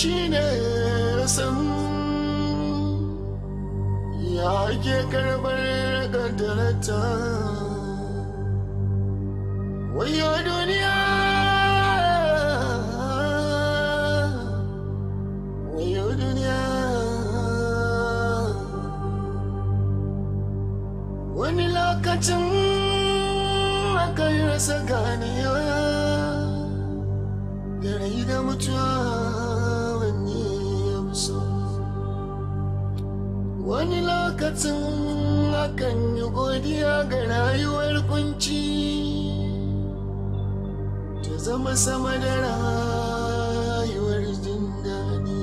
shi ne san ya ke karbar ƙaddarata wayo duniya wani lokacin aka yi rasa da mutuwa lokacin akan yi godiya ga rayuwar kunci ta zama sama da rayuwar jin daɗi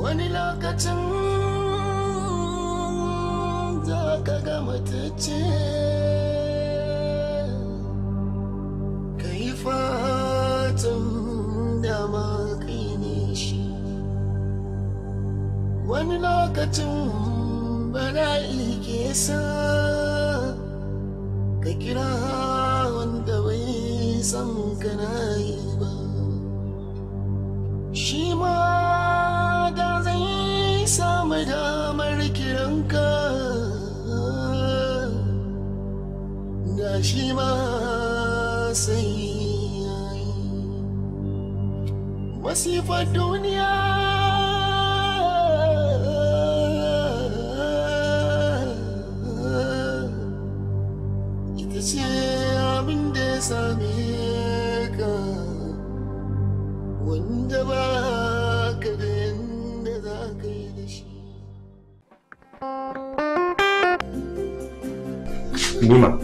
wani lokacin za ka ga matacce lokacin bala'i ke sa ka kira wanda bai san na yi ba shi ma da zai samu damar kiranka da shi ma sai yi masifar duniya nima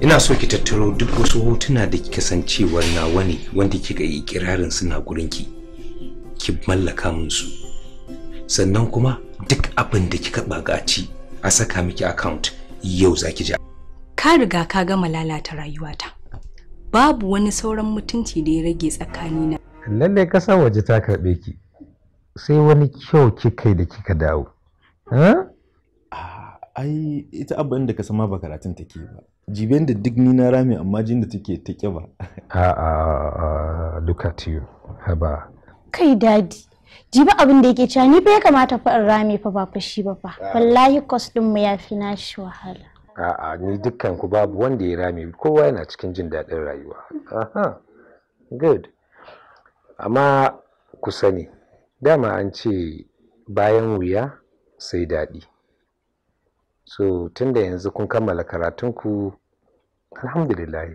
ina so ki tattaro duk wasu hotuna da kika san cewar nawa ne wanda kika yi kirarin suna gurinki ki mallaka min su sannan kuma duk abin da kika bagaci a saka miki account yau zaki ja ka riga ka gama lalata rayuwata babu wani sauran mutunci da ya rage tsakanina lalle sa waje ta karbe ki sai wani kyau kika da kika dawo ha ai ita abin da ka sama ba karatun take ba jiben da duk ni na rame amma jin da take ta ƙiba a a look at you haba kai dadi jibi abin da yake cewa ni fa ya kamata fa in rame fa ba fa shi ba fa wallahi kwas din mu yafi nashi shi wahala a'a ni dukkan ku babu wanda ya rami kowa yana cikin jin daɗin rayuwa aha good amma ku sani dama an ce bayan wuya sai daɗi so tun da yanzu kun kammala karatunku alhamdulillah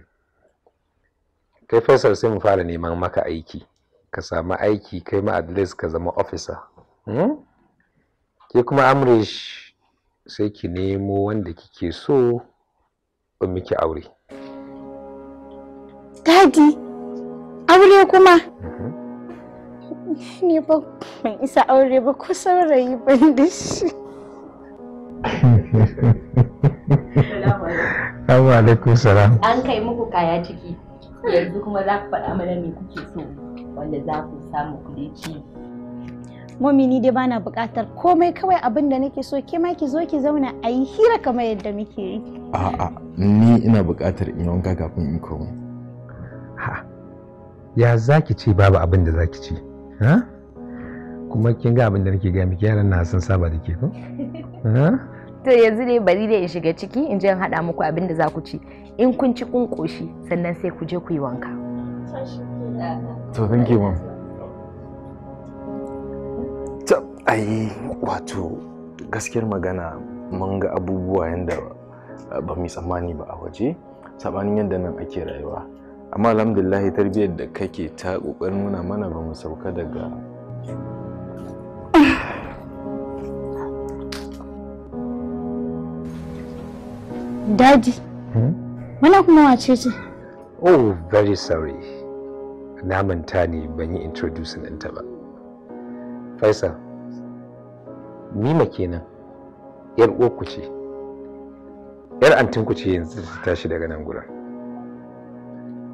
kai fasar sai mu fara neman maka aiki ka samu aiki kai ma adres ka zama officer hmm? ke kuma amrish sai ki nemo wanda kike so in miki aure dadi aure kuma mhm. ni ba ban isa aure ba ko saurayi ban Assalamu alaikum salam. An kai muku kaya ciki. Yanzu kuma za ku faɗa mana me kuke so wanda za ku samu kuɗi ci. Mami ni dai bana buƙatar komai kawai abin da nake so ke ma ki zo ki zauna a yi hira kamar yadda muke yi. A'a ni ina buƙatar in wanka kafin in komo. Ha. Ya zaki ce babu abin da zaki ce? Ha? kuma kin ga abin da nake ga miki yaran na san saba da ke ko to yanzu ne bari da in shiga ciki in je in haɗa muku abin da za ku ci in kun ci kun koshi sannan sai ku je ku yi wanka to thank you mom ai wato gaskiyar magana mun ga abubuwa yanda ba mu tsammani ba a waje sabanin yadda nan ake rayuwa amma alhamdulillah tarbiyyar da kake ta kokarin nuna mana ba mu sauka daga Daddy. Wannan hmm? kuma wace ce? Oh, very sorry. Na manta ne ban yi introducing ɗinta ba. Faisal, ma kenan, ‘yar oku ce, ‘yar ku ce yanzu ta tashi daga nan gurin.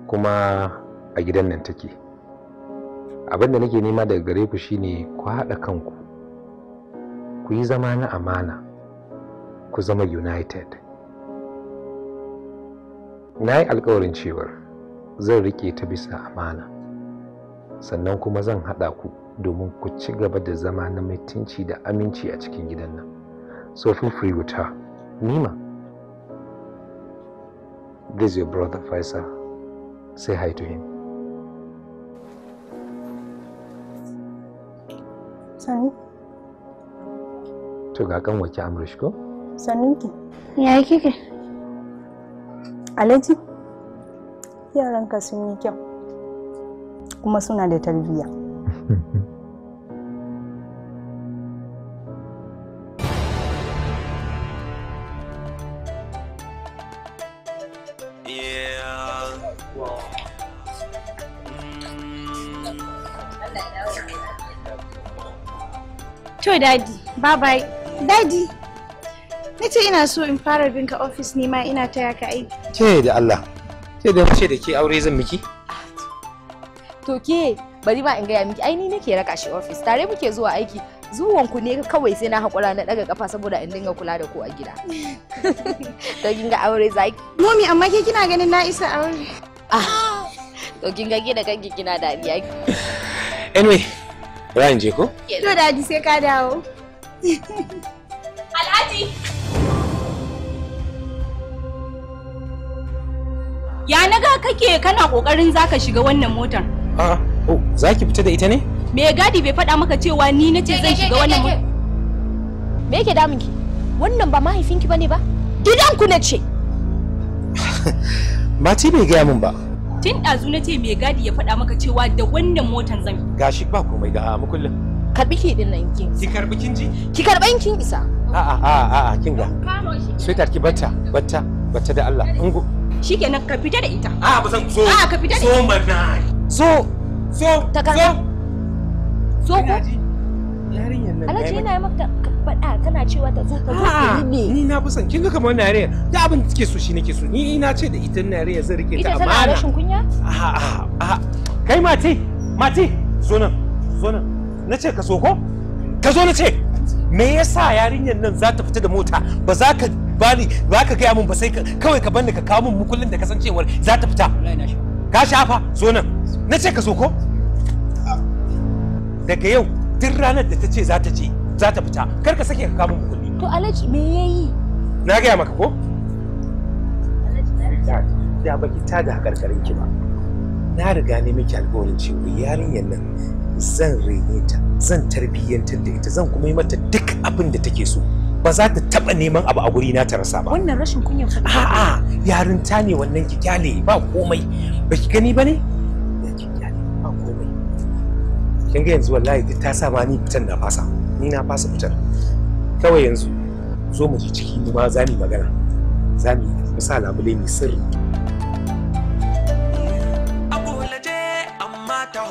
Kuma a gidan nan take. Abin da nake nema daga gare ku shine ku haɗa kanku, ku yi zama na amana, ku zama united. na yi alkawarin cewar zan rike ta bisa amana sannan kuma zan haɗa ku domin ku ci gaba da zama na mutunci da aminci a cikin gidan nan so feel free with her nima this is your brother faisal say hi to him sani to ga kan wace sanin ki yayi kike alhaji yaranka sun yi kyau kuma suna da tarbiyya daddy, bye bye. Daddy. Na ce ina so in fara bin ka ofis ne ma ina taya ka aiki. Ke da Allah, ke da fice da ke aure zan miki? To ke bari ma in gaya miki ai ni nake raka shi ofis tare muke zuwa aiki zuwan ku ne kawai sai na haƙura na daga kafa saboda in dinga kula da ku a gida. To kin ga aure zaki. Momi amma ke kina ganin na isa aure. Ah. To kin ga da kanki kina dariya. Anyway, Ryan je ko? To da sai ka dawo. Ya naga kake kana kokarin zaka shiga wannan motar. A'a, oh, zaki fita da ita ne? Me gadi bai faɗa maka cewa ni nace zan shiga wannan motar. Me yake damun ki? Wannan ba mahaifinki bane ba? ku ne ce. Ba ti bai gaya min ba. Tun ɗazu na ce me gadi ya faɗa maka cewa da wannan motar zan. Gashi ba komai ga mu kullum. Karbi ki din nan kin. Ki karbi kin ji. Ki karban kin isa. A'a a'a a'a kin ga. Sweetheart ki batta batta batta da Allah. Ungo. shikenan ka fita da ita a ah, ba san zo a ah, ka fita da zo mana zo zo ta kan zo ko yarinyar nan alhaji yana maka faɗa kana cewa ta zo ka zo ka ne ni na fi son kin ga kamar yarinya da abin da kike so shi nake so ni ina ce da ita yarinya zan rike ta amana ita tana rashin kunya a a kai mate mate zo nan zo nan na ce ka so ko ka zo na ce me yasa yarinyar nan za ta fita da mota ba za ka bani ba ka gaya min ba sai kawai ka banni ka kawo min mukullin da kasancewar za ta fita ka shafa zo nan na ce ka so ko daga yau duk ranar da ta ce za ta je za ta fita kar ka sake ka kawo min mukulli to alhaji me yayi na gaya maka ko da baki ta da hakarkarin ki ba na riga ne miki alƙawarin cewa yarinyar nan zan rene ta zan tarbiyyantar da ita zan kuma yi mata duk abin da take so ba za ta taba neman abu a guri na ta rasa ba wannan rashin kunyar ka a'a yarinta ne wannan kikyale ba komai ba ki gani ba ne ki ba komai kin ga yanzu wallahi duk ta sa ma ni fitan na fasa ni na fasa fitar kawai yanzu zo mu ji ciki ni ma za mu magana za mu sa labule mai sirri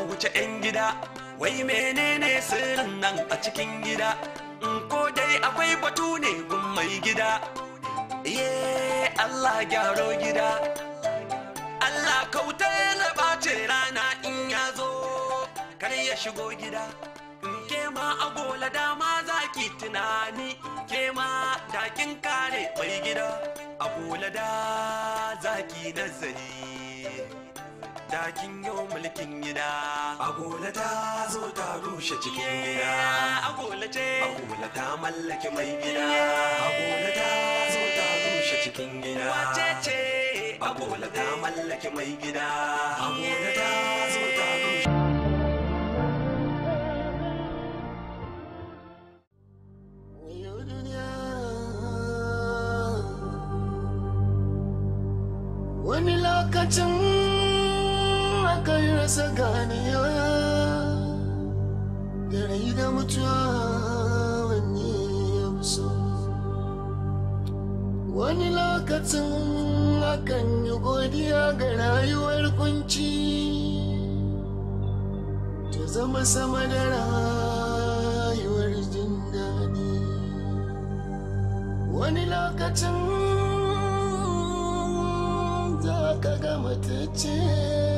wuce 'yan gida wai menene sirrin nan a cikin gida in mm, ko dai akwai batu ne gun mai gida ye Allah gyaro gida Allah kauta na ɓace rana in ya zo kar ya shigo gida mm, ke ma a gola dama za ki tunani ke ma dakin kare mai gida A gola da za nazari takin yau mulkin gida agola ta zo ta rushe cikin gida agola ce agola ta mallake mai gida agola ta zo ta rushe cikin gida wace ce agola ta mallake mai gida agola ta zo ta rushe wani lokacin na kai rasa ganiya da rai da mutuwa wanne ya so wani lokacin akan yi godiya ga rayuwar kunci ta zama sama da rayuwar jin daɗi wani lokacin za ka ga ce.